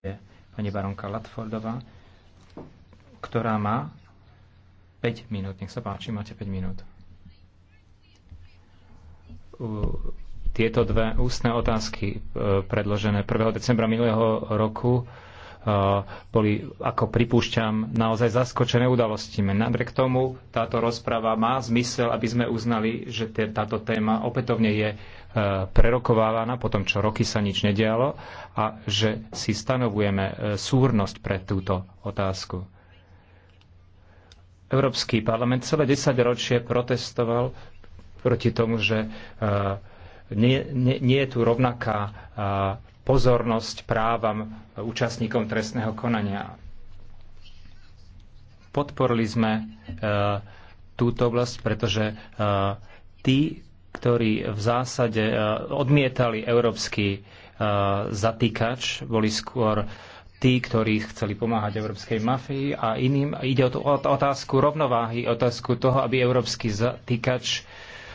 je pani baronka Latfordová, ktorá má 5 minút. Nech sa páči, máte 5 minút. Tieto dve ústne otázky e, predložené 1. decembra minulého roku Eh, boli, ako pripúšťam, naozaj zaskočené udalosti. Napriek tomu táto rozpráva má zmysel, aby sme uznali, že táto téma opätovne je eh, prerokovávaná po tom, čo roky sa nič nedialo a že si stanovujeme eh, súrnosť pre túto otázku. Európsky parlament celé 10 ročie protestoval proti tomu, že nie, nie, nie je tu rovnaká pozornosť právam účastníkom trestného konania. Podporili sme e, túto oblasť, pretože e, tí, ktorí v zásade e, odmietali európsky e, zatýkač, boli skôr tí, ktorí chceli pomáhať európskej mafii a iným. Ide o, to, o otázku rovnováhy, otázku toho, aby európsky zatýkač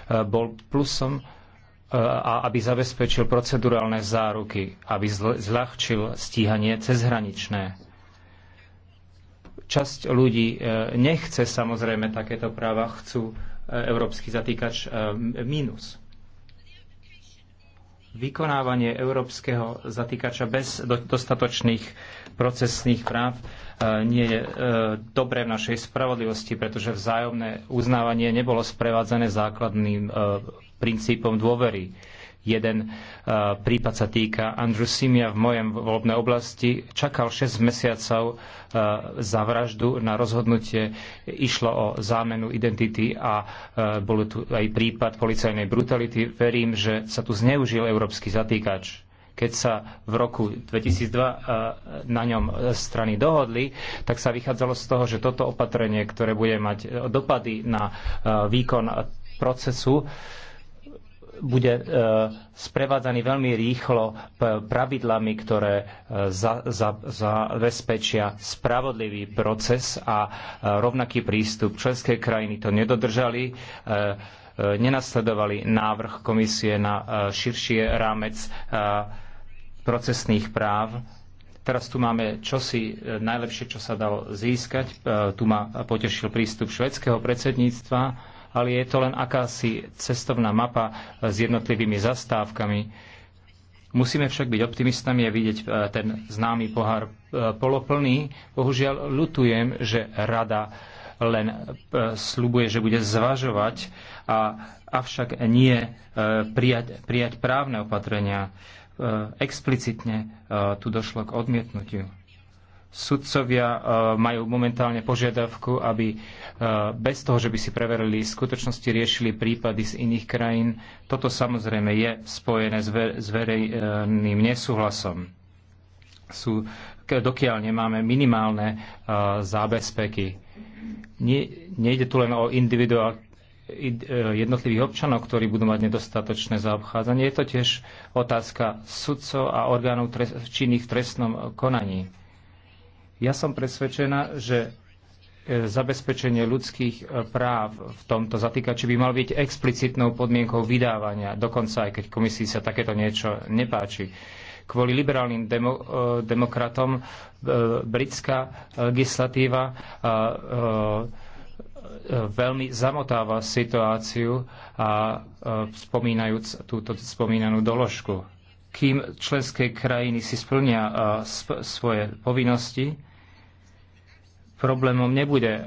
e, bol plusom E, a aby zabezpečil procedurálne záruky, aby zľahčil stíhanie cezhraničné. Časť ľudí e, nechce samozrejme takéto práva, chcú e, európsky zatýkač mínus. Vykonávanie európskeho zatýkača bez dostatočných procesných práv nie je dobré v našej spravodlivosti, pretože vzájomné uznávanie nebolo sprevádzané základným princípom dôvery. Jeden uh, prípad sa týka Andrew Simia v mojom voľbnej oblasti. Čakal 6 mesiacov uh, za vraždu na rozhodnutie. Išlo o zámenu identity a uh, bol tu aj prípad policajnej brutality. Verím, že sa tu zneužil európsky zatýkač keď sa v roku 2002 na ňom strany dohodli, tak sa vychádzalo z toho, že toto opatrenie, ktoré bude mať dopady na výkon procesu, bude e, sprevádzaný veľmi rýchlo pravidlami, ktoré e, za, za, zabezpečia spravodlivý proces a e, rovnaký prístup. Členské krajiny to nedodržali, nenasledovali návrh komisie na širšie rámec procesných práv. Teraz tu máme čosi najlepšie, čo sa dalo získať. Tu ma potešil prístup švedského predsedníctva ale je to len akási cestovná mapa s jednotlivými zastávkami. Musíme však byť optimistami a vidieť e, ten známy pohár e, poloplný. Bohužiaľ, lutujem, že rada len e, slubuje, že bude zvažovať, a, avšak nie prijať, prijať právne opatrenia. Explicitne tu došlo k odmietnutiu. Sudcovia e, majú momentálne požiadavku, aby e, bez toho, že by si preverili skutočnosti, riešili prípady z iných krajín. Toto samozrejme je spojené s verejným nesúhlasom. Sú, dokiaľ nemáme minimálne e, zábezpeky. Nie, nejde tu len o individuál, jednotlivých občanov, ktorí budú mať nedostatočné zaobchádzanie. Je to tiež otázka sudcov a orgánov trest, činných v trestnom konaní. Ja som presvedčená, že e, zabezpečenie ľudských e, práv v tomto zatýkači by mal byť explicitnou podmienkou vydávania, dokonca aj keď komisii sa takéto niečo nepáči. Kvôli liberálnym demo, e, demokratom britská legislatíva veľmi zamotáva situáciu a spomínajúc túto spomínanú doložku. Kým členské krajiny si splnia svoje povinnosti, problémom nebude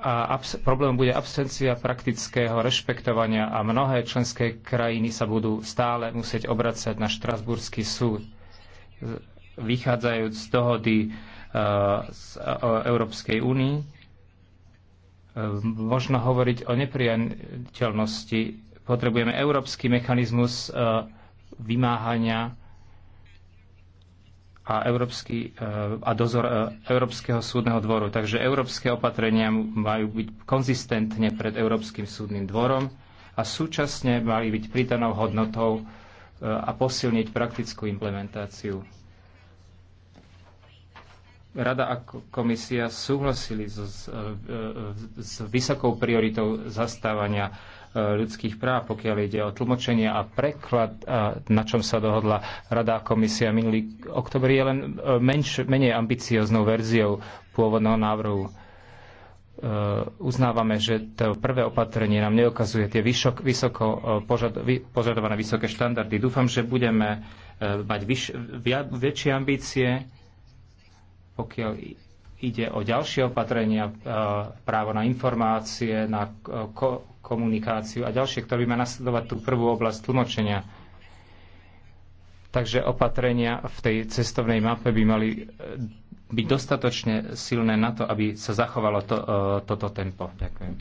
a abs- problém bude absencia praktického rešpektovania a mnohé členské krajiny sa budú stále musieť obracať na Štrasburský súd. Vychádzajúc z dohody uh, z, e, o Európskej únii, uh, možno hovoriť o nepriateľnosti. Potrebujeme európsky mechanizmus uh, vymáhania a, Európsky, eh, a dozor eh, Európskeho súdneho dvoru. Takže európske opatrenia majú byť konzistentne pred Európskym súdnym dvorom a súčasne mali byť pridanou hodnotou eh, a posilniť praktickú implementáciu. Rada a komisia súhlasili s, s, s vysokou prioritou zastávania ľudských práv, pokiaľ ide o tlmočenie a preklad, na čom sa dohodla Rada a komisia minulý oktober, je len e, menš, menej ambicioznou verziou pôvodného návrhu. E, uznávame, že to prvé opatrenie nám neokazuje tie vysok, vysoko e, požad, požadované vysoké štandardy. Dúfam, že budeme mať vyš, via, väčšie ambície, pokiaľ ide o ďalšie opatrenia, právo na informácie, na komunikáciu a ďalšie, ktoré by má nasledovať tú prvú oblasť tlmočenia. Takže opatrenia v tej cestovnej mape by mali e, byť dostatočne silné na to, aby sa zachovalo to, e, toto tempo. Ďakujem.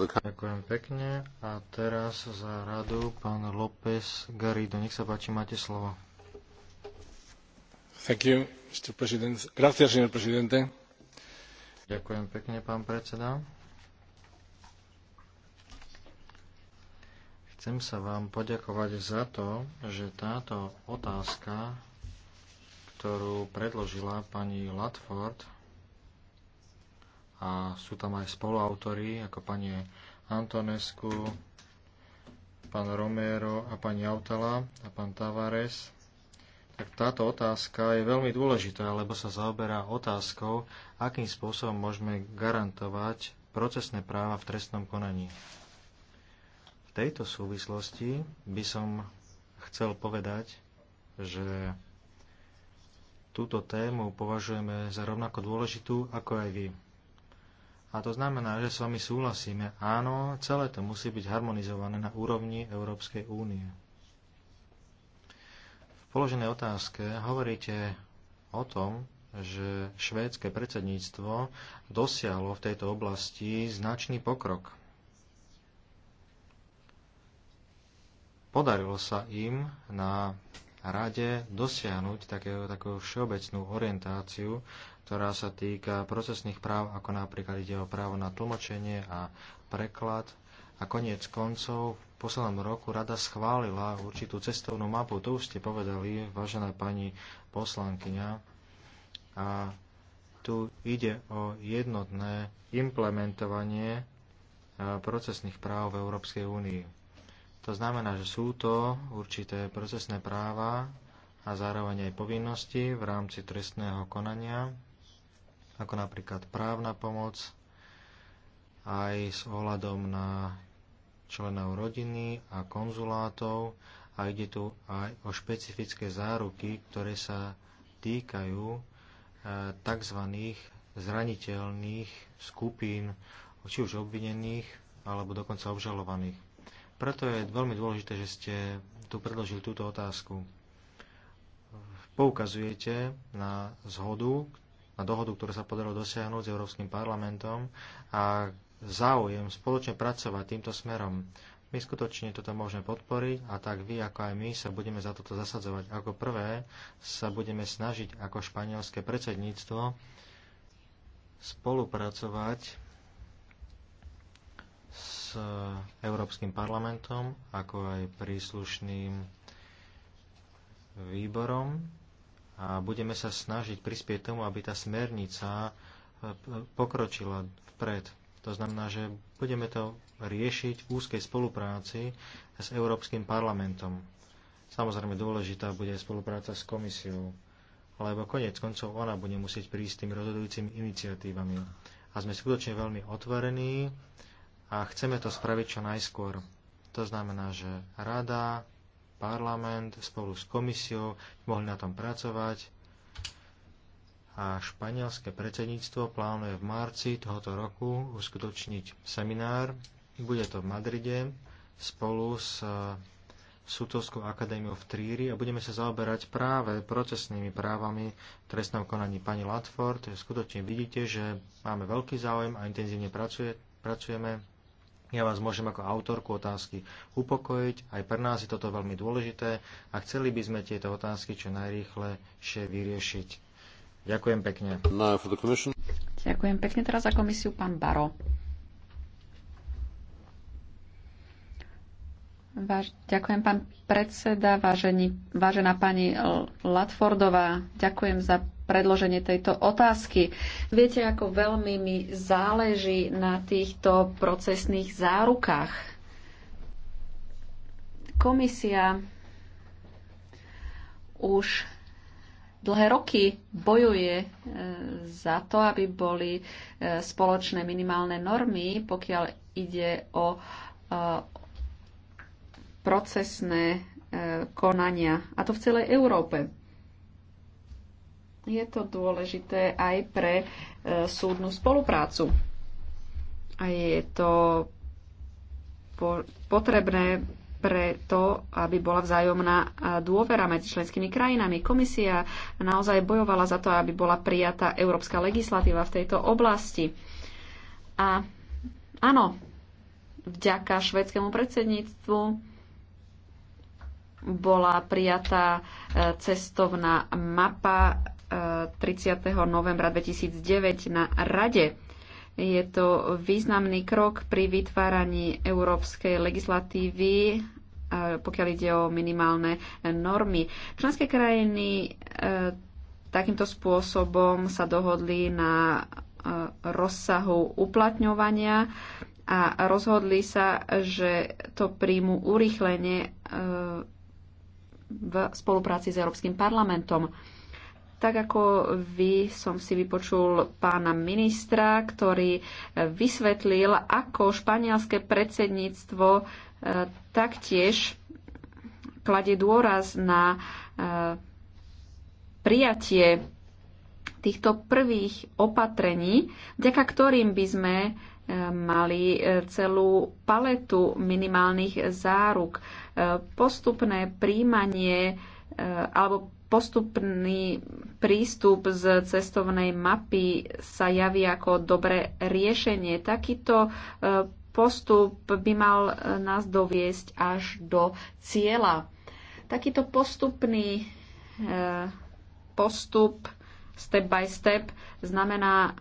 Ďakujem pekne. A teraz za radu pán López Garrido. Nech sa páči, máte slovo. Thank you, Mr. President. Gracias, señor presidente. Ďakujem pekne, pán predseda. Chcem sa vám poďakovať za to, že táto otázka, ktorú predložila pani Latford, a sú tam aj spoluautori, ako pani Antonescu, pán Romero a pani Autala a pán Tavares, tak táto otázka je veľmi dôležitá, lebo sa zaoberá otázkou, akým spôsobom môžeme garantovať procesné práva v trestnom konaní. V tejto súvislosti by som chcel povedať, že túto tému považujeme za rovnako dôležitú ako aj vy. A to znamená, že s vami súhlasíme. Áno, celé to musí byť harmonizované na úrovni Európskej únie. V položenej otázke hovoríte o tom, že švédske predsedníctvo dosiahlo v tejto oblasti značný pokrok. Podarilo sa im na rade dosiahnuť takého, takú všeobecnú orientáciu, ktorá sa týka procesných práv, ako napríklad ide o právo na tlmočenie a preklad. A koniec koncov v poslednom roku rada schválila určitú cestovnú mapu, to už ste povedali, vážená pani poslankyňa. A tu ide o jednotné implementovanie procesných práv v Európskej únii. To znamená, že sú to určité procesné práva a zároveň aj povinnosti v rámci trestného konania, ako napríklad právna pomoc, aj s ohľadom na členov rodiny a konzulátov a ide tu aj o špecifické záruky, ktoré sa týkajú e, tzv. zraniteľných skupín, či už obvinených alebo dokonca obžalovaných. Preto je veľmi dôležité, že ste tu predložili túto otázku. Poukazujete na zhodu, na dohodu, ktorú sa podarilo dosiahnuť s Európskym parlamentom a záujem spoločne pracovať týmto smerom. My skutočne toto môžeme podporiť a tak vy ako aj my sa budeme za toto zasadzovať. Ako prvé sa budeme snažiť ako španielské predsedníctvo spolupracovať s Európskym parlamentom, ako aj príslušným výborom a budeme sa snažiť prispieť tomu, aby tá smernica e, pokročila vpred. To znamená, že budeme to riešiť v úzkej spolupráci s Európskym parlamentom. Samozrejme dôležitá bude aj spolupráca s komisiou, lebo konec koncov ona bude musieť prísť tým rozhodujúcimi iniciatívami. A sme skutočne veľmi otvorení a chceme to spraviť čo najskôr. To znamená, že rada, parlament spolu s komisiou mohli na tom pracovať a španielské predsedníctvo plánuje v marci tohoto roku uskutočniť seminár. Bude to v Madride spolu s e, sútovskou akadémiou v Tríri a budeme sa zaoberať práve procesnými právami v trestnom konaní pani Latford. Skutočne vidíte, že máme veľký záujem a intenzívne pracuje, pracujeme ja vás môžem ako autorku otázky upokojiť, aj pre nás je toto veľmi dôležité a chceli by sme tieto otázky čo najrýchlejšie vyriešiť. Ďakujem pekne. Ďakujem pekne teraz za komisiu pán Baro. Váž, ďakujem, pán predseda, vážení, vážená pani Latfordová. Ďakujem za predloženie tejto otázky. Viete, ako veľmi mi záleží na týchto procesných zárukách. Komisia už dlhé roky bojuje e, za to, aby boli e, spoločné minimálne normy, pokiaľ ide o e, procesné e, konania, a to v celej Európe. Je to dôležité aj pre e, súdnu spoluprácu. A je to potrebné pre to, aby bola vzájomná e, dôvera medzi členskými krajinami. Komisia naozaj bojovala za to, aby bola prijatá európska legislatíva v tejto oblasti. A áno, vďaka švedskému predsedníctvu bola prijatá e, cestovná mapa 30. E, novembra 2009 na Rade. Je to významný krok pri vytváraní európskej legislatívy e, pokiaľ ide o minimálne normy. Členské krajiny takýmto spôsobom sa dohodli na rozsahu uplatňovania a rozhodli sa, že to príjmu urýchlenie v spolupráci s Európskym parlamentom. Tak ako vy som si vypočul pána ministra, ktorý e, vysvetlil, ako španielské predsedníctvo e, taktiež kladie dôraz na e, prijatie týchto prvých opatrení, vďaka ktorým by sme mali e, celú paletu minimálnych záruk. E, postupné príjmanie e, alebo postupný prístup z cestovnej mapy sa javí ako dobré riešenie. Takýto postup by mal nás doviesť až do cieľa. Takýto postupný postup step by step znamená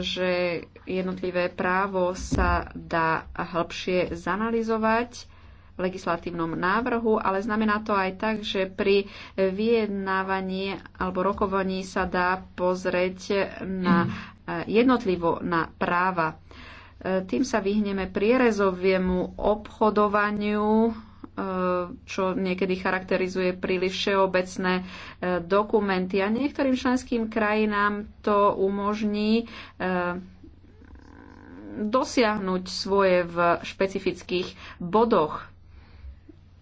že jednotlivé právo sa dá hĺbšie zanalizovať v legislatívnom návrhu, ale znamená to aj tak, že pri vyjednávaní alebo rokovaní sa dá pozrieť na eh, jednotlivo na práva. Eh, tým sa vyhneme prierezoviemu obchodovaniu čo niekedy charakterizuje príliš všeobecné e, dokumenty. A niektorým členským krajinám to umožní e, dosiahnuť svoje v špecifických bodoch.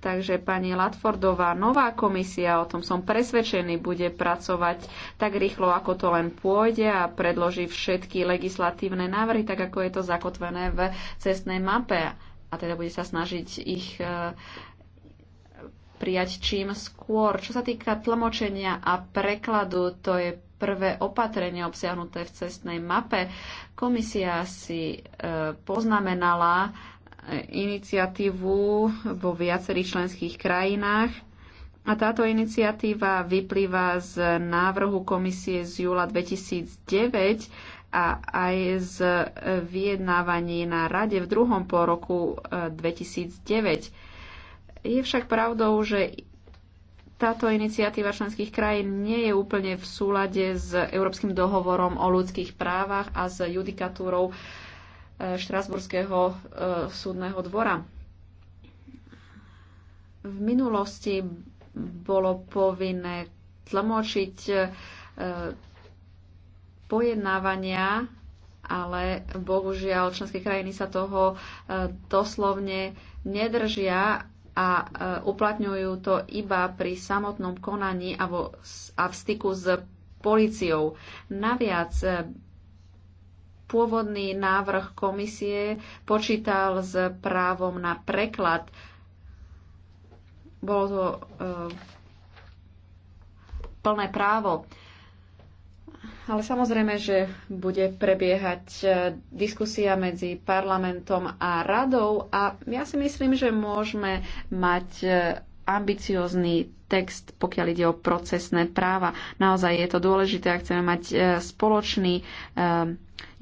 Takže pani Latfordová, nová komisia, o tom som presvedčený, bude pracovať tak rýchlo, ako to len pôjde a predloží všetky legislatívne návrhy, tak ako je to zakotvené v cestnej mape a teda bude sa snažiť ich e, prijať čím skôr. Čo sa týka tlmočenia a prekladu, to je prvé opatrenie obsiahnuté v cestnej mape. Komisia si e, poznamenala e, iniciatívu vo viacerých členských krajinách a táto iniciatíva vyplýva z návrhu komisie z júla 2009 a aj z e, vyjednávaní na rade v druhom roku 2009. E, je však pravdou, že táto iniciatíva členských krajín nie je úplne v súlade s Európskym dohovorom o ľudských právach a s judikatúrou e, Štrasburského súdneho dvora. V minulosti bolo povinné tlmočiť pojednávania, ale bohužiaľ členské krajiny sa toho e, doslovne nedržia a e, uplatňujú to iba pri samotnom konaní a, vo, a v styku s policiou. Naviac e, pôvodný návrh komisie počítal s právom na preklad. Bolo to e, plné právo ale samozrejme, že bude prebiehať e, diskusia medzi parlamentom a radou a ja si myslím, že môžeme mať e, ambiciózny text, pokiaľ ide o procesné práva. Naozaj je to dôležité, ak chceme mať e, spoločný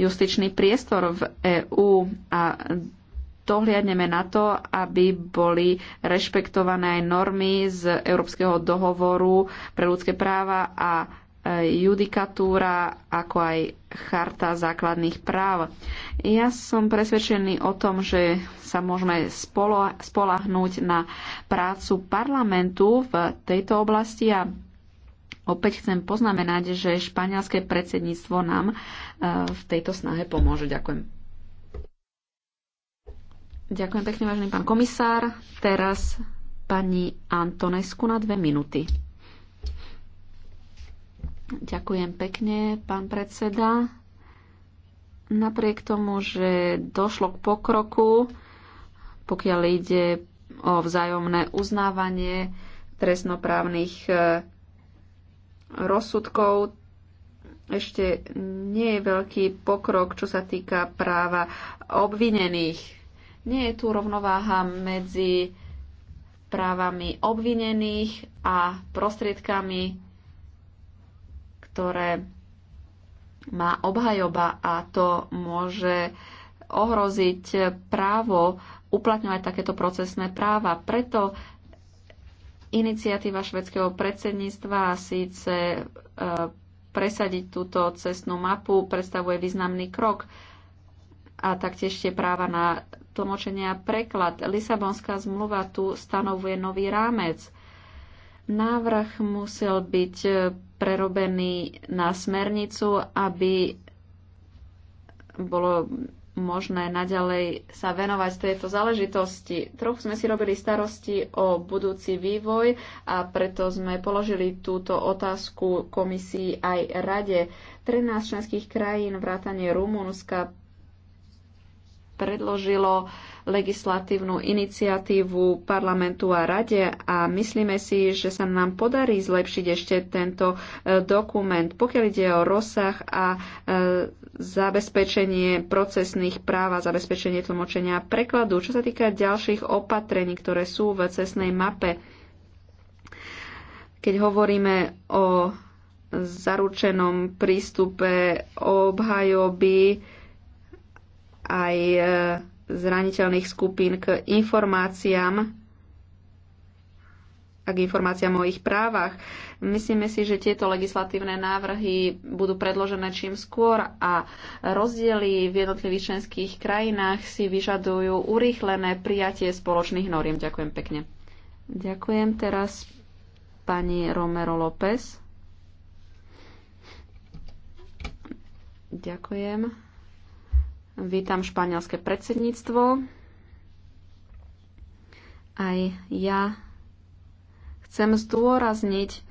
justičný priestor v EÚ a dohliadneme na to, aby boli rešpektované aj normy z Európskeho dohovoru pre ľudské práva a Eh, judikatúra, ako aj charta základných práv. Ja som presvedčený o tom, že sa môžeme spolahnúť na prácu parlamentu v tejto oblasti a opäť chcem poznamenať, že španielské predsedníctvo nám eh, v tejto snahe pomôže. Ďakujem. Ďakujem pekne, vážený pán komisár. Teraz pani Antonesku na dve minúty. Ďakujem pekne, pán predseda. Napriek tomu, že došlo k pokroku, pokiaľ ide o vzájomné uznávanie trestnoprávnych e, rozsudkov, ešte nie je veľký pokrok, čo sa týka práva obvinených. Nie je tu rovnováha medzi právami obvinených a prostriedkami ktoré má obhajoba a to môže ohroziť právo uplatňovať takéto procesné práva. Preto iniciatíva švedského predsedníctva síce e, presadiť túto cestnú mapu predstavuje významný krok a taktiež tie práva na tlmočenie a preklad. Lisabonská zmluva tu stanovuje nový rámec. Návrh musel byť prerobený na smernicu, aby bolo možné naďalej sa venovať tejto záležitosti. Trochu sme si robili starosti o budúci vývoj a preto sme položili túto otázku komisii aj rade. 13 členských krajín vrátane Rumunska predložilo legislatívnu iniciatívu parlamentu a rade a myslíme si, že sa nám podarí zlepšiť ešte tento e, dokument, pokiaľ ide o rozsah a e, zabezpečenie procesných práv a zabezpečenie tlmočenia prekladu. Čo sa týka ďalších opatrení, ktoré sú v cestnej mape, keď hovoríme o zaručenom prístupe obhajoby aj e, zraniteľných skupín k informáciám a k informáciám o ich právach. Myslíme si, že tieto legislatívne návrhy budú predložené čím skôr a rozdiely v jednotlivých členských krajinách si vyžadujú urýchlené prijatie spoločných noriem. Ďakujem pekne. Ďakujem teraz pani Romero López. Ďakujem. Vítam španielské predsedníctvo. Aj ja chcem zdôrazniť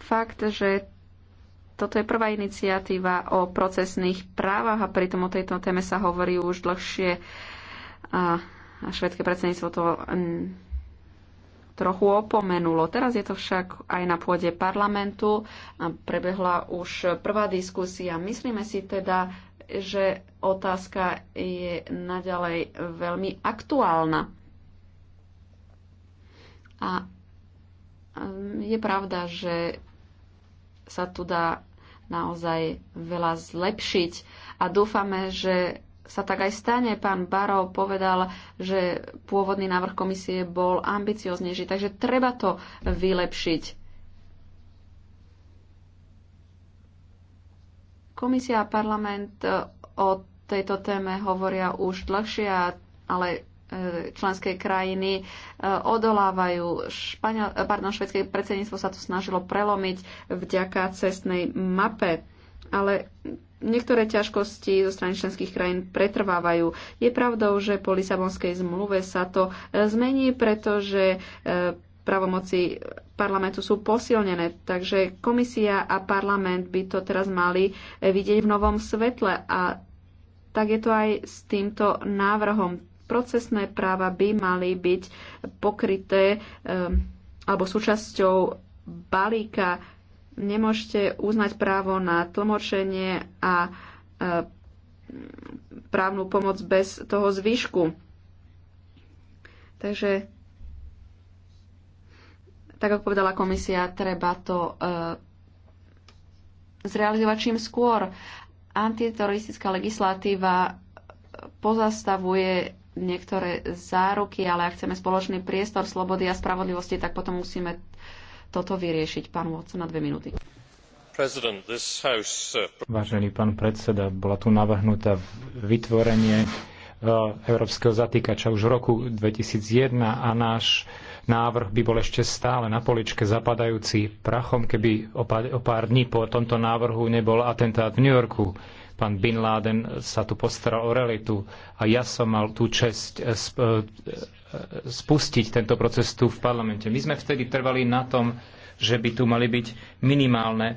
fakt, že toto je prvá iniciatíva o procesných právach a pritom o tejto téme sa hovorí už dlhšie a švedské predsedníctvo to mm, trochu opomenulo. Teraz je to však aj na pôde parlamentu. Prebehla už prvá diskusia. Myslíme si teda, že otázka je naďalej veľmi aktuálna. A mm, je pravda, že sa tu dá naozaj veľa zlepšiť a dúfame, že sa tak aj stane. Pán Barov povedal, že pôvodný návrh komisie bol ambicioznejší, takže treba to vylepšiť. Komisia a parlament e, o tejto téme hovoria už dlhšie, ale e, členské krajiny e, odolávajú. Španiel, pardon, švedské predsedníctvo sa to snažilo prelomiť vďaka cestnej mape. Ale Niektoré ťažkosti zo strany členských krajín pretrvávajú. Je pravdou, že po Lisabonskej zmluve sa to e, zmení, pretože e, pravomoci parlamentu sú posilnené, takže komisia a parlament by to teraz mali e, vidieť v novom svetle a tak je to aj s týmto návrhom. Procesné práva by mali byť pokryté alebo súčasťou balíka nemôžete uznať právo na tlmočenie a e, právnu pomoc bez toho zvyšku. Takže, tak ako povedala komisia, treba to e, zrealizovať čím skôr. Antiteroristická legislatíva pozastavuje niektoré záruky, ale ak chceme spoločný priestor slobody a spravodlivosti, tak potom musíme toto vyriešiť. Pán Watson na dve minúty. Uh, Vážený pán predseda, bola tu navrhnutá vytvorenie uh, európskeho zatýkača už v roku 2001 a náš návrh by bol ešte stále na poličke zapadajúci prachom, keby o pár, o pár dní po tomto návrhu nebol atentát v New Yorku. Pán Bin Laden sa tu postaral o realitu a ja som mal tú čest eh, eh, spustiť tento proces tu v parlamente. My sme vtedy trvali na tom, že by tu mali byť minimálne e,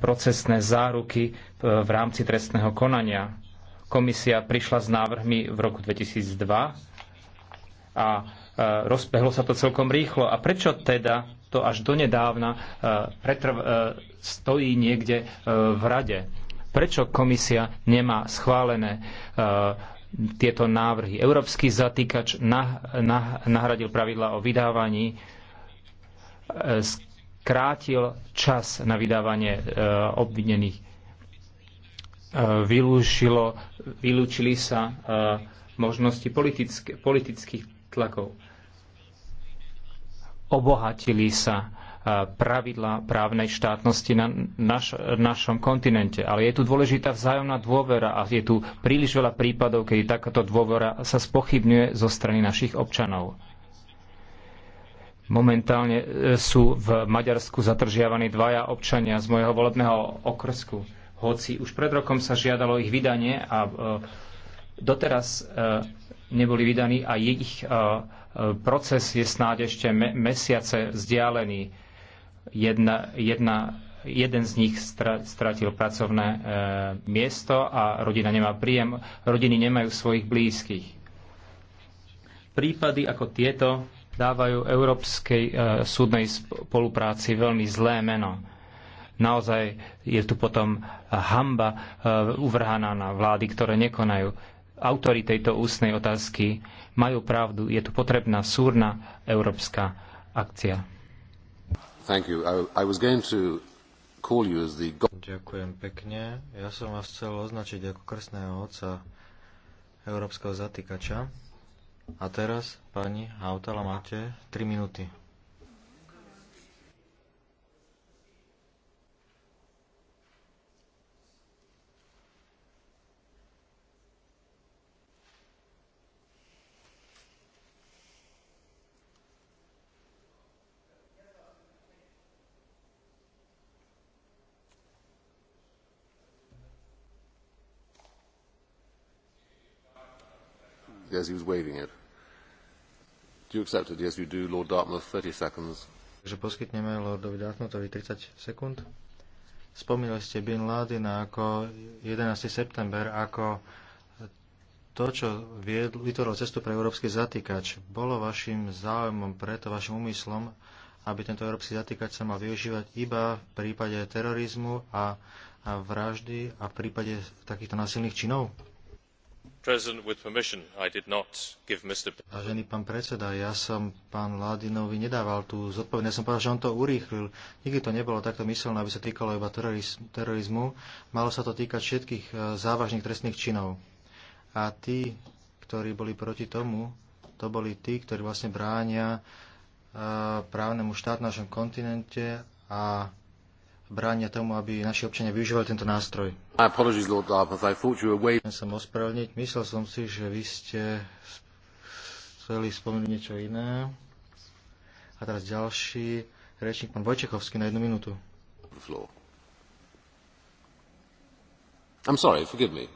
procesné záruky e, v rámci trestného konania. Komisia prišla s návrhmi v roku 2002 a e, rozbehlo sa to celkom rýchlo. A prečo teda to až donedávna stojí niekde v rade? Prečo komisia nemá schválené tieto návrhy. Európsky zatýkač nahradil pravidla o vydávaní, e, skrátil čas na vydávanie e, obvinených. E, Vylúčilo, vylúčili sa možnosti politických tlakov. Obohatili sa pravidla právnej štátnosti na naš, našom kontinente. Ale je tu dôležitá vzájomná dôvera a je tu príliš veľa prípadov, kedy takáto dôvera sa spochybňuje zo strany našich občanov. Momentálne e, sú v Maďarsku zatržiavaní dvaja občania z môjho volebného okrsku. Hoci už pred rokom sa žiadalo ich vydanie a e, doteraz e, neboli vydaní a ich proces je snáď ešte mesiace vzdialený Jedna, jedna, jeden z nich stratil pracovné e, miesto a rodina nemá príjem. Rodiny nemajú svojich blízkych. Prípady ako tieto dávajú európskej e, súdnej spolupráci veľmi zlé meno. Naozaj je tu potom hamba e, uvrhaná na vlády, ktoré nekonajú. Autori tejto ústnej otázky majú pravdu. Je tu potrebná súrna európska akcia. Ďakujem pekne. Ja som vás chcel označiť ako krstného otca európskeho zatýkača. A teraz, pani Hautala, máte 3 minúty. Yes, he was waving it. Do you accept it? Yes, you do. Lord Dartmouth, 30 seconds. Takže poskytneme Lordovi Dartmouthovi 30 sekúnd. Spomínali ste Bin Ládina ako 11. september, ako to, čo viedl, vytvoril cestu pre európsky zatýkač, bolo vašim záujmom, preto vašim úmyslom, aby tento európsky zatýkač sa mal využívať iba v prípade terorizmu a, a vraždy a v prípade takýchto násilných činov? Vážený pán predseda, ja som pán Ládinovi nedával tú zodpovednosť. Ja som povedal, že on to urýchlil. Nikdy to nebolo takto myselné, aby sa týkalo iba terorizmu. Malo sa to týkať všetkých eh, závažných trestných činov. A tí, ktorí boli proti tomu, to boli tí, ktorí vlastne bránia eh, právnemu štátu na našom kontinente a bránia tomu, aby naši občania využívali tento nástroj. Chcem sa ospravedlniť. Myslel som si, že vy ste chceli spomenúť niečo iné. A teraz ďalší rečník, pán Vojčechovský, na jednu minútu. I'm sorry, forgive me.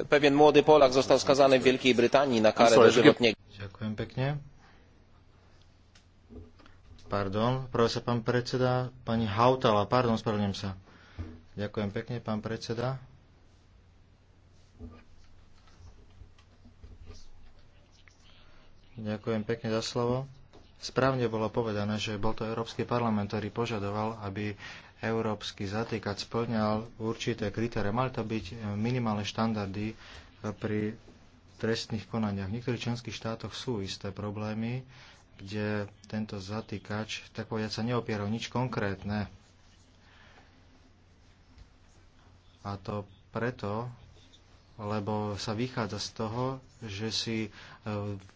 Pevien mladý Polak zostal skazaný v Veľkej Británii na karę dożywotniego. Ďakujem pekne Pardon, prvé sa pán predseda, pani Hautala, pardon, spravím sa. Ďakujem pekne, pán predseda. Ďakujem pekne za slovo. Správne bolo povedané, že bol to Európsky parlament, ktorý požadoval, aby európsky zatýkač splňal určité kritéria. Mali to byť minimálne štandardy pri trestných konaniach. V niektorých členských štátoch sú isté problémy kde tento zatýkač, tak povedať, sa neopieral nič konkrétne. A to preto, lebo sa vychádza z toho, že si e,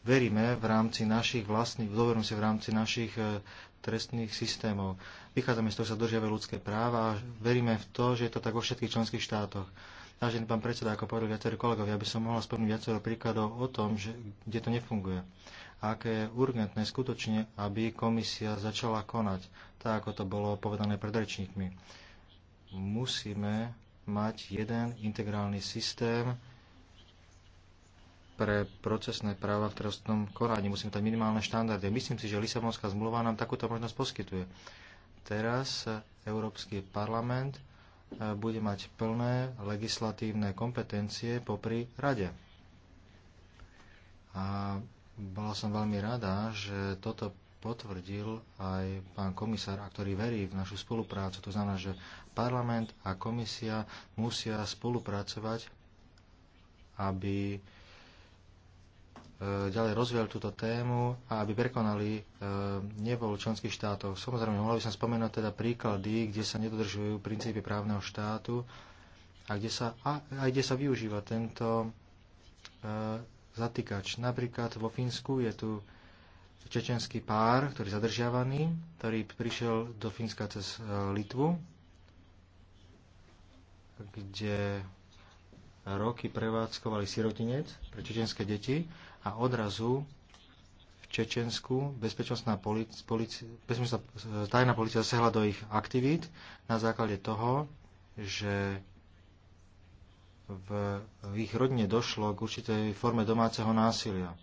veríme v rámci našich vlastných, dôverujem si v rámci našich e, trestných systémov. Vychádzame z toho, že sa držiavajú ľudské práva a veríme v to, že je to tak vo všetkých členských štátoch. Vážený pán predseda, ako povedali viacerí kolegovia, by som mohla spomenúť viacero príkladov o tom, že, kde to nefunguje. A aké je urgentné skutočne, aby komisia začala konať, tak ako to bolo povedané pred rečníkmi. Musíme mať jeden integrálny systém, pre procesné práva v trestnom konaní. Musíme tam minimálne štandardy. Myslím si, že Lisabonská zmluva nám takúto možnosť poskytuje. Teraz Európsky parlament bude mať plné legislatívne kompetencie popri rade. A bola som veľmi rada, že toto potvrdil aj pán komisár, a ktorý verí v našu spoluprácu. To znamená, že parlament a komisia musia spolupracovať, aby E, ďalej rozvíjali túto tému a aby prekonali e, nebol členských štátov. Samozrejme, mohla by som spomenúť teda príklady, kde sa nedodržujú princípy právneho štátu a kde sa, a, a kde sa využíva tento e, zatýkač. Napríklad vo Fínsku je tu čečenský pár, ktorý je zadržiavaný, ktorý prišiel do Fínska cez e, Litvu, kde roky prevádzkovali sirotinec pre čečenské deti a odrazu v Čečensku bezpečnostná, polic, polic, bezpečnostná e, tajná policia zasehla do ich aktivít na základe toho, že v, v ich rodine došlo k určitej forme domáceho násilia.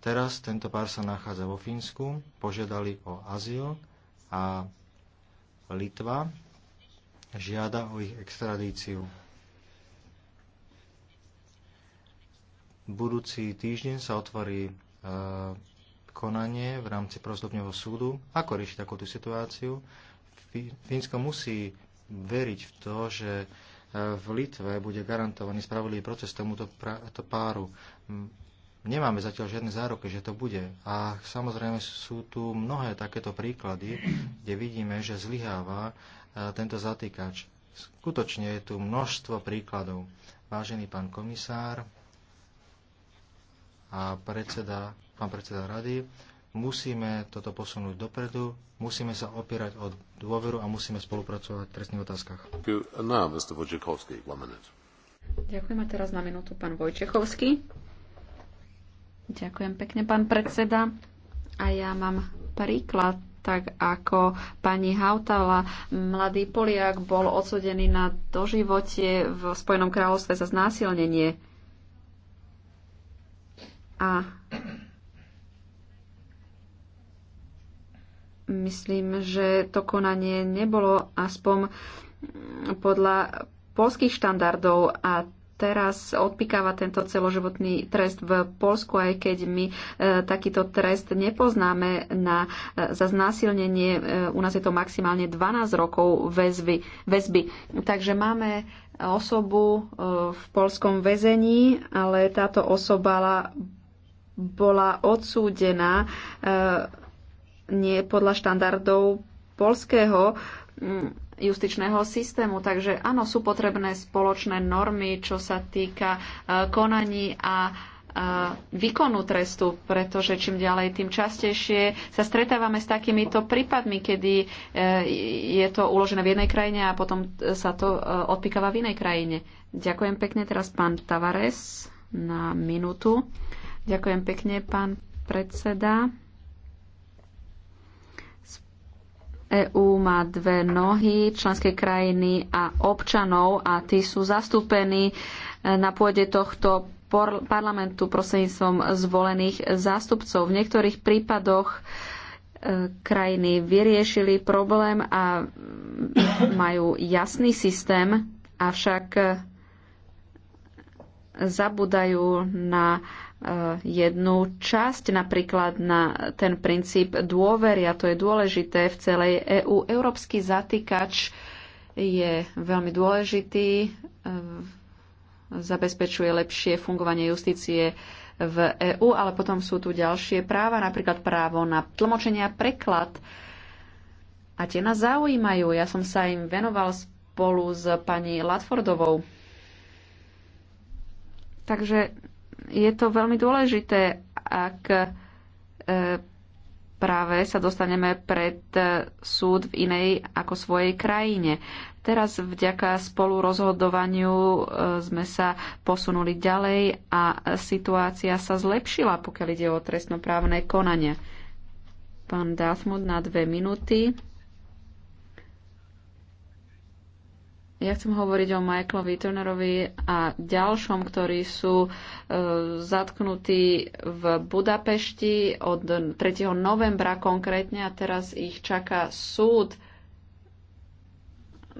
Teraz tento pár sa nachádza vo Fínsku, požiadali o azyl a Litva žiada o ich extradíciu. Budúci týždeň sa otvorí e, konanie v rámci prostupného súdu. Ako riešiť takúto situáciu? Fínsko musí veriť v to, že e, v Litve bude garantovaný spravodlivý proces tomuto páru. Nemáme zatiaľ žiadne zároky, že to bude. A samozrejme sú tu mnohé takéto príklady, kde vidíme, že zlyháva e, tento zatýkač. Skutočne je tu množstvo príkladov. Vážený pán komisár, a predseda, pán predseda rady, musíme toto posunúť dopredu, musíme sa opierať o dôveru a musíme spolupracovať v trestných otázkach. Ďakujem a teraz na minútu pán Vojčechovský. Ďakujem pekne, pán predseda. A ja mám príklad, tak ako pani Hautala, mladý Poliak bol odsudený na doživote v Spojenom kráľovstve za znásilnenie a myslím, že to konanie nebolo aspoň podľa polských štandardov a teraz odpikáva tento celoživotný trest v Polsku, aj keď my e, takýto trest nepoznáme na, e, za znásilnenie. E, u nás je to maximálne 12 rokov väzby. väzby. Takže máme osobu e, v polskom väzení, ale táto osoba bola odsúdená eh, nie podľa štandardov polského mm, justičného systému. Takže áno, sú potrebné spoločné normy, čo sa týka eh, konaní a eh, výkonu trestu, pretože čím ďalej, tým častejšie sa stretávame s takýmito prípadmi, kedy je to uložené v jednej krajine a potom sa to odpikáva v inej krajine. Ďakujem pekne teraz pán Tavares na minútu. Ďakujem pekne, pán predseda. EÚ má dve nohy, členské krajiny a občanov a tí sú zastúpení e, na pôde tohto parlamentu prostredníctvom zvolených zástupcov. V niektorých prípadoch e, krajiny vyriešili problém a majú jasný systém, avšak e, zabudajú na Eh, jednu časť, napríklad na ten princíp dôvery, a to je dôležité v celej EÚ. Európsky zatýkač je veľmi dôležitý, eh, zabezpečuje lepšie fungovanie justície v EÚ, ale potom sú tu ďalšie práva, napríklad právo na tlmočenie a preklad. A tie nás zaujímajú. Ja som sa im venoval spolu s pani Latfordovou. Takže je to veľmi dôležité, ak e, práve sa dostaneme pred e, súd v inej ako svojej krajine. Teraz vďaka spolurozhodovaniu e, sme sa posunuli ďalej a situácia sa zlepšila, pokiaľ ide o trestnoprávne konanie. Pán Dalfmut na dve minúty. Ja chcem hovoriť o Michaelovi Turnerovi a ďalšom, ktorí sú e, zatknutí v Budapešti od 3. novembra konkrétne a teraz ich čaká súd.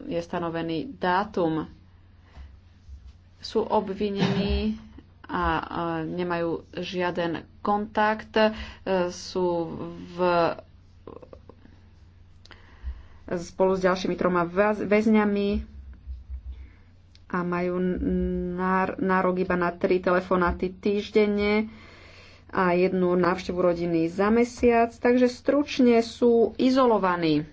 Je stanovený dátum. Sú obvinení a e, nemajú žiaden kontakt. E, sú v spolu s ďalšími troma väzňami a majú nárok iba na tri telefonáty týždenne a jednu návštevu rodiny za mesiac, takže stručne sú izolovaní.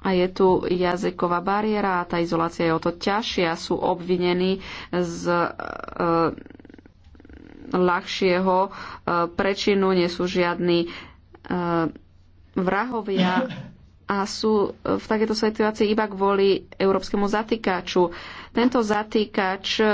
A je tu jazyková bariéra a tá izolácia je o to ťažšia. Sú obvinení z e, ľahšieho e, prečinu, nie sú žiadni e, vrahovia a sú e, v takéto situácii iba kvôli európskemu zatýkaču. Tento zatýkač e,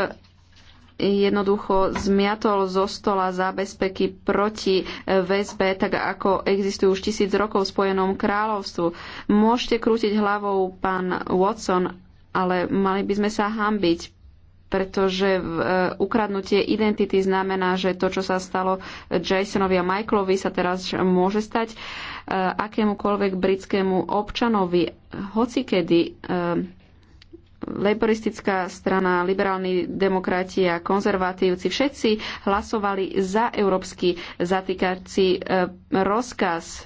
jednoducho zmiatol zo stola zábezpeky proti e, väzbe, tak ako existujú už tisíc rokov v Spojenom kráľovstvu. Môžete krútiť hlavou, pán Watson, ale mali by sme sa hambiť pretože e, ukradnutie identity znamená, že to, čo sa stalo Jasonovi a Michaelovi, sa teraz môže stať e, akémukoľvek britskému občanovi. Hoci kedy e, Laboristická strana, liberálni demokrati a konzervatívci všetci hlasovali za európsky zatýkací rozkaz.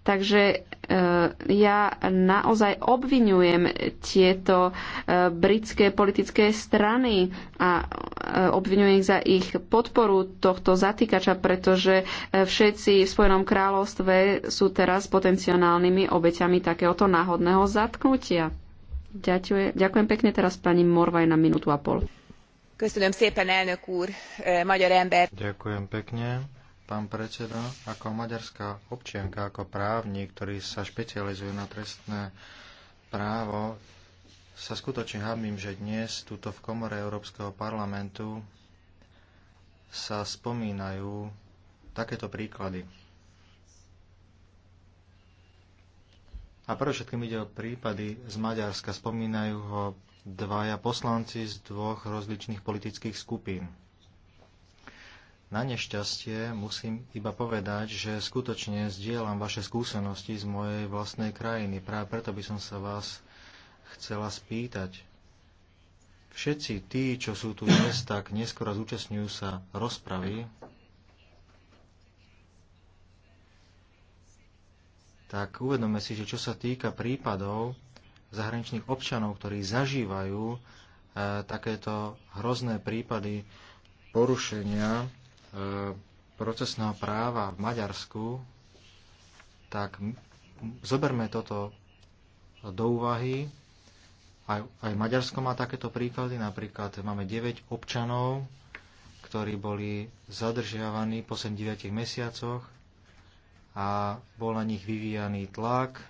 Takže Eh, ja naozaj obvinujem tieto eh, britské politické strany a eh, obvinujem ich za ich podporu tohto zatýkača, pretože všetci v Spojenom kráľovstve sú teraz potenciálnymi obeťami takéhoto náhodného zatknutia. Ďakujem, ďakujem pekne teraz pani Morvaj na minútu a pol. Köszönöm szépen, elnök úr, magyar ember. Ďakujem pekne pán predseda. Ako maďarská občianka, ako právnik, ktorý sa špecializuje na trestné právo, sa skutočne hábim, že dnes tuto v komore Európskeho parlamentu sa spomínajú takéto príklady. A prvé všetkým ide o prípady z Maďarska. Spomínajú ho dvaja poslanci z dvoch rozličných politických skupín. Na nešťastie musím iba povedať, že skutočne zdieľam vaše skúsenosti z mojej vlastnej krajiny. Práve preto by som sa vás chcela spýtať. Všetci tí, čo sú tu dnes, tak neskoro zúčastňujú sa rozpravy. Tak uvedome si, že čo sa týka prípadov zahraničných občanov, ktorí zažívajú e, takéto hrozné prípady porušenia E, procesného práva v Maďarsku, tak zoberme toto do úvahy. Aj, aj Maďarsko má takéto príklady. Napríklad máme 9 občanov, ktorí boli zadržiavaní po 9 mesiacoch a bol na nich vyvíjaný tlak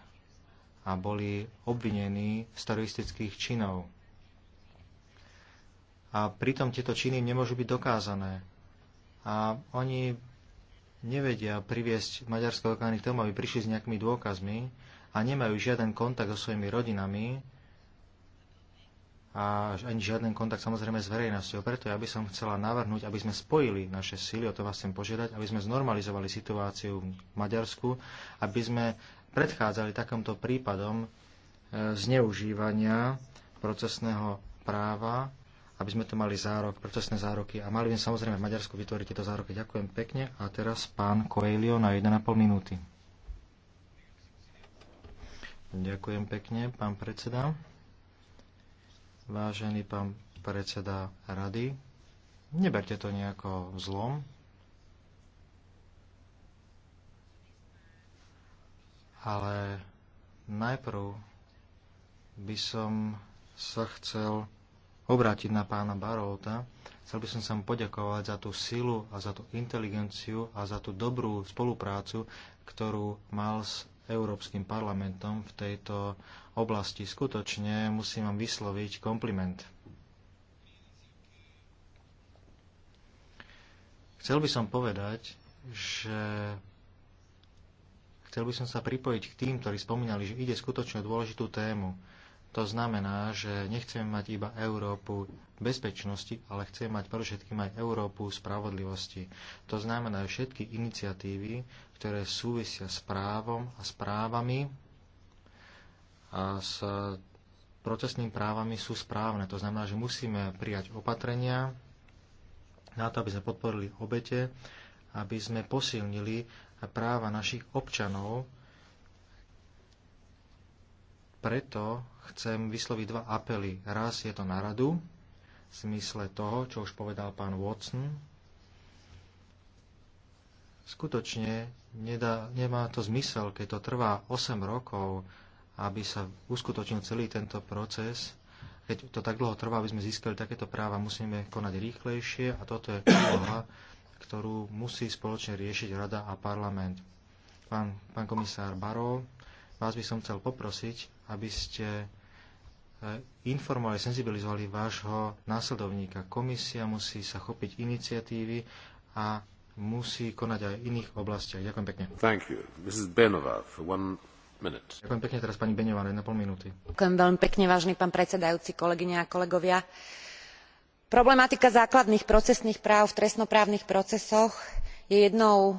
a boli obvinení z teroristických činov. A pritom tieto činy nemôžu byť dokázané a oni nevedia priviesť maďarské orgány k tomu, aby prišli s nejakými dôkazmi a nemajú žiaden kontakt so svojimi rodinami a ani žiaden kontakt samozrejme s verejnosťou. Preto ja by som chcela navrhnúť, aby sme spojili naše síly, o to vás chcem požiadať, aby sme znormalizovali situáciu v Maďarsku, aby sme predchádzali takomto prípadom e, zneužívania procesného práva aby sme tu mali zárok, procesné zároky a mali by sme samozrejme v Maďarsku vytvoriť tieto zároky. Ďakujem pekne a teraz pán Coelho na 1,5 minúty. Ďakujem pekne, pán predseda. Vážený pán predseda rady, neberte to nejako zlom. Ale najprv by som sa chcel obrátiť na pána Baróta. Chcel by som sa mu poďakovať za tú silu a za tú inteligenciu a za tú dobrú spoluprácu, ktorú mal s Európskym parlamentom v tejto oblasti. Skutočne musím vám vysloviť kompliment. Chcel by som povedať, že chcel by som sa pripojiť k tým, ktorí spomínali, že ide skutočne o dôležitú tému. To znamená, že nechceme mať iba Európu bezpečnosti, ale chceme mať všetkým aj Európu spravodlivosti. To znamená, že všetky iniciatívy, ktoré súvisia s právom a s právami a s procesnými právami sú správne. To znamená, že musíme prijať opatrenia na to, aby sme podporili obete, aby sme posilnili práva našich občanov. Preto chcem vysloviť dva apely. Raz je to na radu, v zmysle toho, čo už povedal pán Watson. Skutočne nedá, nemá to zmysel, keď to trvá 8 rokov, aby sa uskutočnil celý tento proces. Keď to tak dlho trvá, aby sme získali takéto práva, musíme konať rýchlejšie a toto je úloha, ktorú musí spoločne riešiť Rada a parlament. Pán, pán komisár Baro, vás by som chcel poprosiť, aby ste e, informovali, senzibilizovali vášho následovníka. Komisia musí sa chopiť iniciatívy a musí konať aj v iných oblastiach. Ďakujem pekne. Thank you. Mrs. Benova, for one minute. Ďakujem pekne teraz pani Beňová, na pol minúty. Ďakujem veľmi pekne, vážny pán predsedajúci, kolegyne a kolegovia. Problematika základných procesných práv v trestnoprávnych procesoch je jednou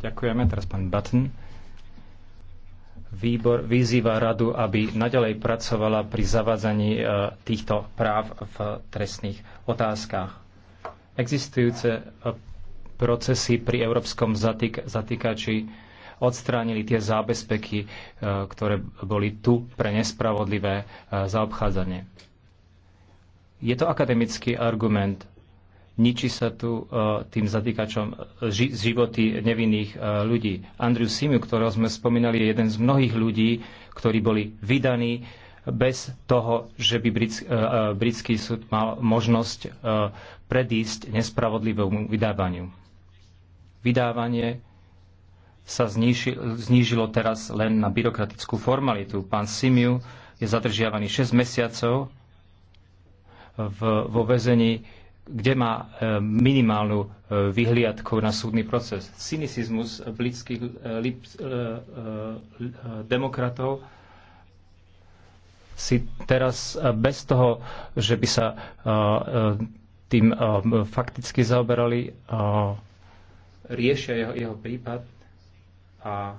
Ďakujeme. Teraz pán Batten. Výbor vyzýva radu, aby naďalej pracovala pri zavádzaní e, týchto práv v trestných otázkach. Existujúce e, procesy pri európskom zatýkači odstránili tie zábezpeky, e, ktoré boli tu pre nespravodlivé zaobchádzanie. Je to akademický argument, ničí sa tu e, tým zatýkačom e, životy nevinných e, ľudí. Andrew Simu, ktorého sme spomínali, je jeden z mnohých ľudí, ktorí boli vydaní bez toho, že by britský súd mal možnosť predísť nespravodlivému vydávaniu. Vydávanie sa znížilo teraz len na byrokratickú formalitu. Pán Simiu je zadržiavaný 6 mesiacov v, vo väzení kde má e, minimálnu e, vyhliadku na súdny proces. Cynicizmus blízkych e, demokratov si teraz bez toho, že by sa tým fakticky zaoberali, riešia jeho, jeho prípad a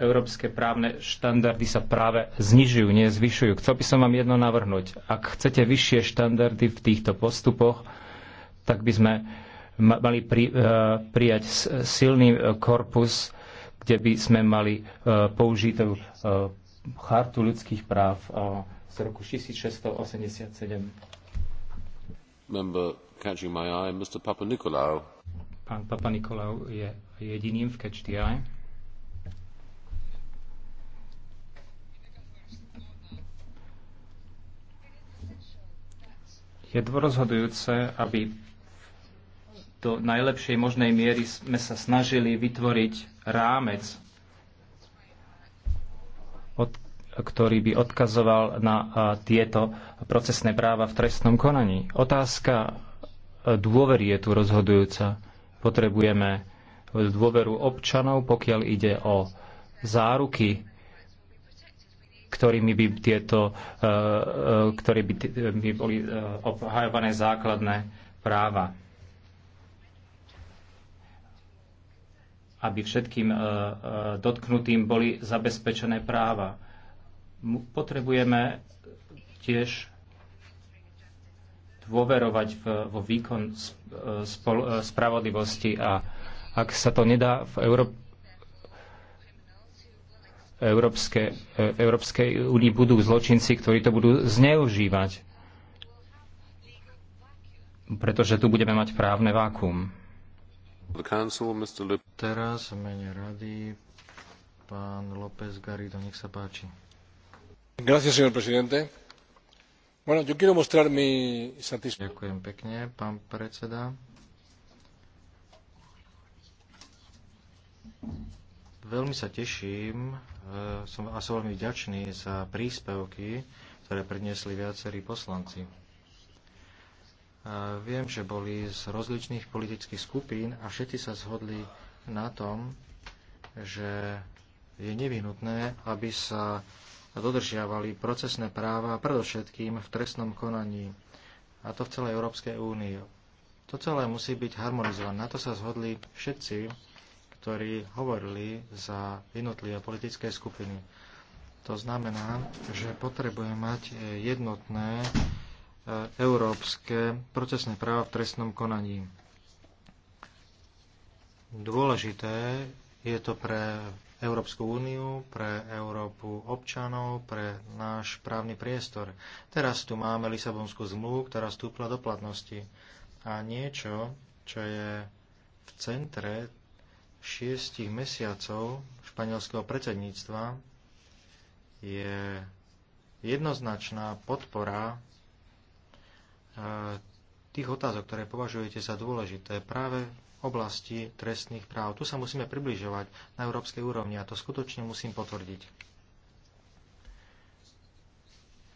európske právne štandardy sa práve znižujú, nie zvyšujú. Chcel by som vám jedno navrhnúť. Ak chcete vyššie štandardy v týchto postupoch, tak by sme mali pri, e, prijať silný e, korpus, kde by sme mali e, použiť chartu ľudských práv z roku 1687. Member catching my eye, Mr. Papa Nicolau. Pán Papa Nikolau je jediným v Catch the Eye. Je rozhodujúce, aby do najlepšej možnej miery sme sa snažili vytvoriť rámec, od, ktorý by odkazoval na tieto procesné práva v trestnom konaní. Otázka e, dôvery je tu rozhodujúca. Potrebujeme dôveru občanov, pokiaľ ide o záruky ktorými by tieto, e, e, ktoré by, by boli e, obhajované základné práva. Aby všetkým dotknutým boli zabezpečené práva. Potrebujeme tiež dôverovať vo výkon spravodlivosti a ak sa to nedá v Európe, Európske, e, Európskej únii budú zločinci, ktorí to budú zneužívať. Pretože tu budeme mať právne vákum. Teraz v mene rady pán López Garrido, nech sa páči. Gracias, señor presidente. Bueno, yo quiero mostrar mi satisfacción. Ďakujem pekne, pán predseda. Veľmi sa teším, E, som, a som veľmi vďačný za príspevky, ktoré predniesli viacerí poslanci. A e, viem, že boli z rozličných politických skupín a všetci sa zhodli na tom, že je nevyhnutné, aby sa dodržiavali procesné práva, predovšetkým v trestnom konaní, a to v celej Európskej únii. To celé musí byť harmonizované. Na to sa zhodli všetci ktorí hovorili za jednotlivé politické skupiny. To znamená, že potrebujeme mať jednotné e, európske procesné práva v trestnom konaní. Dôležité je to pre Európsku úniu, pre Európu občanov, pre náš právny priestor. Teraz tu máme Lisabonskú zmluvu, ktorá vstúpla do platnosti. A niečo, čo je v centre šiestich mesiacov španielského predsedníctva je jednoznačná podpora e, tých otázok, ktoré považujete za dôležité práve v oblasti trestných práv. Tu sa musíme približovať na európskej úrovni a to skutočne musím potvrdiť.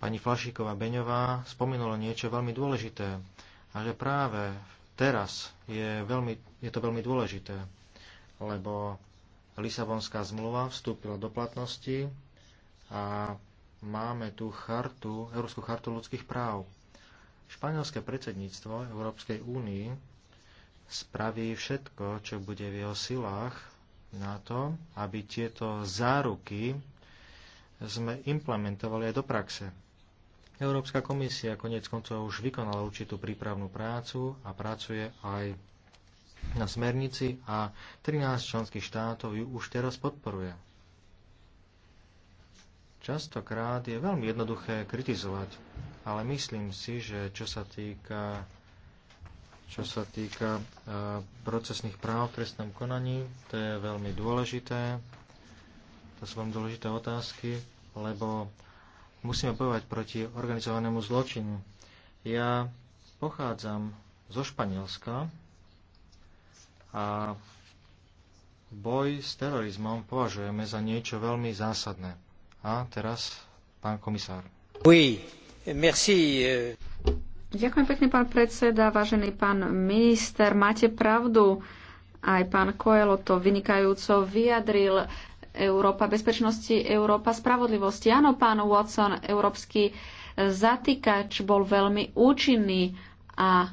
Pani Flašíková Beňová spomenula niečo veľmi dôležité a že práve teraz je, veľmi, je to veľmi dôležité lebo Lisabonská zmluva vstúpila do platnosti a máme tu chartu, Európsku chartu ľudských práv. Španielské predsedníctvo Európskej únii spraví všetko, čo bude v jeho silách na to, aby tieto záruky sme implementovali aj do praxe. Európska komisia konec koncov už vykonala určitú prípravnú prácu a pracuje aj na smernici a 13 členských štátov ju už teraz podporuje. Častokrát je veľmi jednoduché kritizovať, ale myslím si, že čo sa týka, čo sa týka e, procesných práv v trestnom konaní, to je veľmi dôležité. To sú veľmi dôležité otázky, lebo musíme bojovať proti organizovanému zločinu. Ja pochádzam zo Španielska, a boj s terorizmom považujeme za niečo veľmi zásadné. A teraz pán komisár. Oui, merci. Eh. Ďakujem pekne, pán predseda, vážený pán minister. Máte pravdu, aj pán Koelo to vynikajúco vyjadril. Európa bezpečnosti, Európa spravodlivosti. Áno, pán Watson, európsky zatýkač bol veľmi účinný a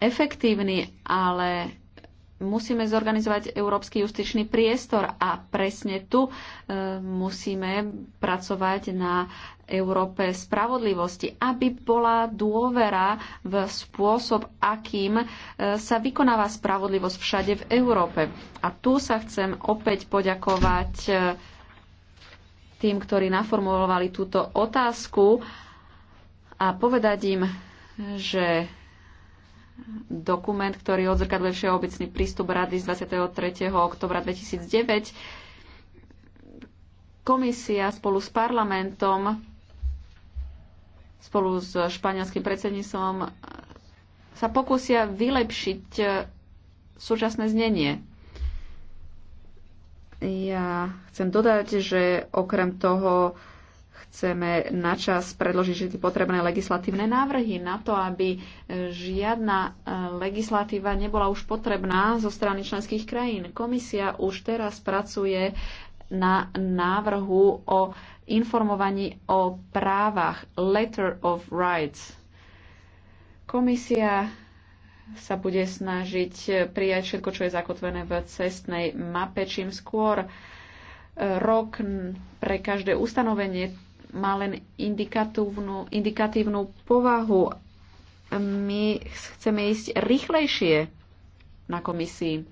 efektívny, ale musíme zorganizovať európsky justičný priestor a presne tu e, musíme pracovať na Európe spravodlivosti, aby bola dôvera v spôsob, akým e, sa vykonáva spravodlivosť všade v Európe. A tu sa chcem opäť poďakovať e, tým, ktorí naformulovali túto otázku a povedať im, že dokument, ktorý odzrkadľuje všeobecný prístup Rady z 23. oktobra 2009. Komisia spolu s parlamentom, spolu s španielským predsedníctvom sa pokúsia vylepšiť súčasné znenie. Ja chcem dodať, že okrem toho chceme načas predložiť všetky potrebné legislatívne návrhy na to, aby žiadna e, legislatíva nebola už potrebná zo strany členských krajín. Komisia už teraz pracuje na návrhu o informovaní o právach Letter of Rights. Komisia sa bude snažiť prijať všetko, čo je zakotvené v cestnej mape, čím skôr rok pre každé ustanovenie má len indikatívnu, indikatívnu povahu. My chceme ísť rýchlejšie na komisii.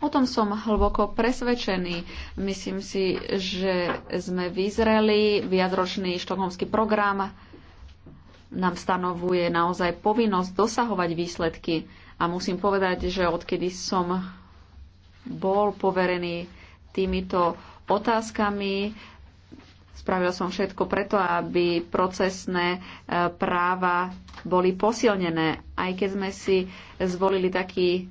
O tom som hlboko presvedčený. Myslím si, že sme vyzreli. Viacročný štokholmský program nám stanovuje naozaj povinnosť dosahovať výsledky. A musím povedať, že odkedy som bol poverený týmito otázkami, Spravil som všetko preto, aby procesné e, práva boli posilnené. Aj keď sme si zvolili taký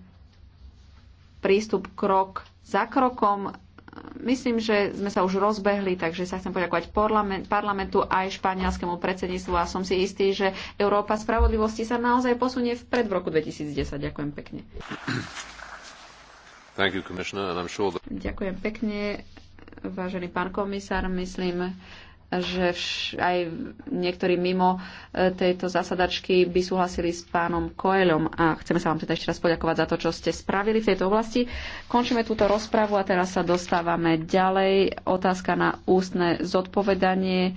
prístup krok za krokom, e, myslím, že sme sa už rozbehli, takže sa chcem poďakovať parlamentu aj španielskému predsedníctvu a som si istý, že Európa spravodlivosti sa naozaj posunie vpred v roku 2010. Ďakujem pekne. You, sure that... Ďakujem pekne. Vážený pán komisár, myslím, že aj niektorí mimo e, tejto zasadačky by súhlasili s pánom Koelom a chceme sa vám teda ešte raz poďakovať za to, čo ste spravili v tejto oblasti. Končíme túto rozpravu a teraz sa dostávame ďalej. Otázka na ústne zodpovedanie, e,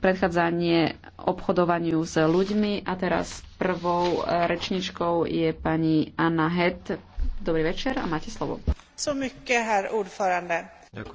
predchádzanie obchodovaniu s ľuďmi a teraz prvou e, rečničkou je pani Anna Het. Dobrý večer a máte slovo herr ordförande.